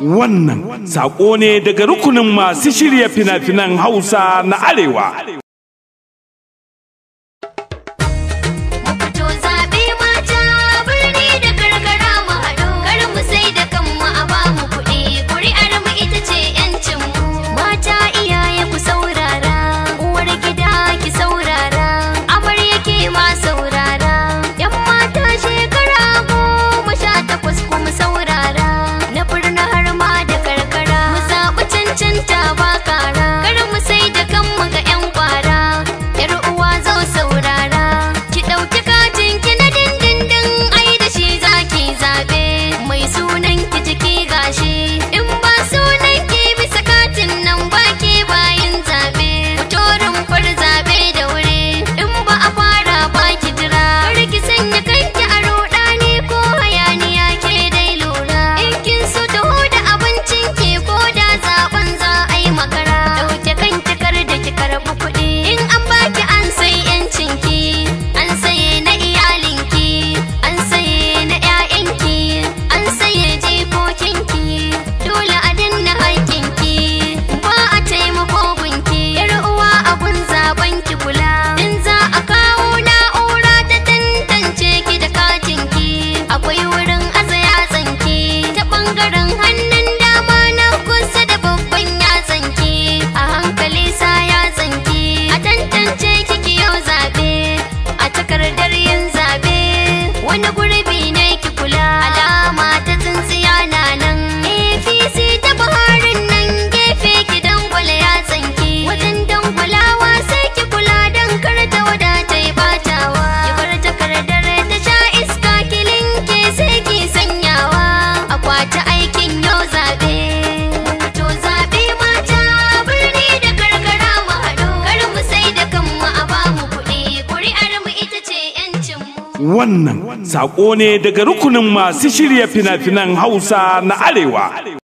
wannan saƙo ne daga rukunin masu shirya fina-finan hausa na arewa kyakkyawa Well, you were the Wannan saƙo ne daga rukunin masu shirya fina-finan Hausa na Arewa.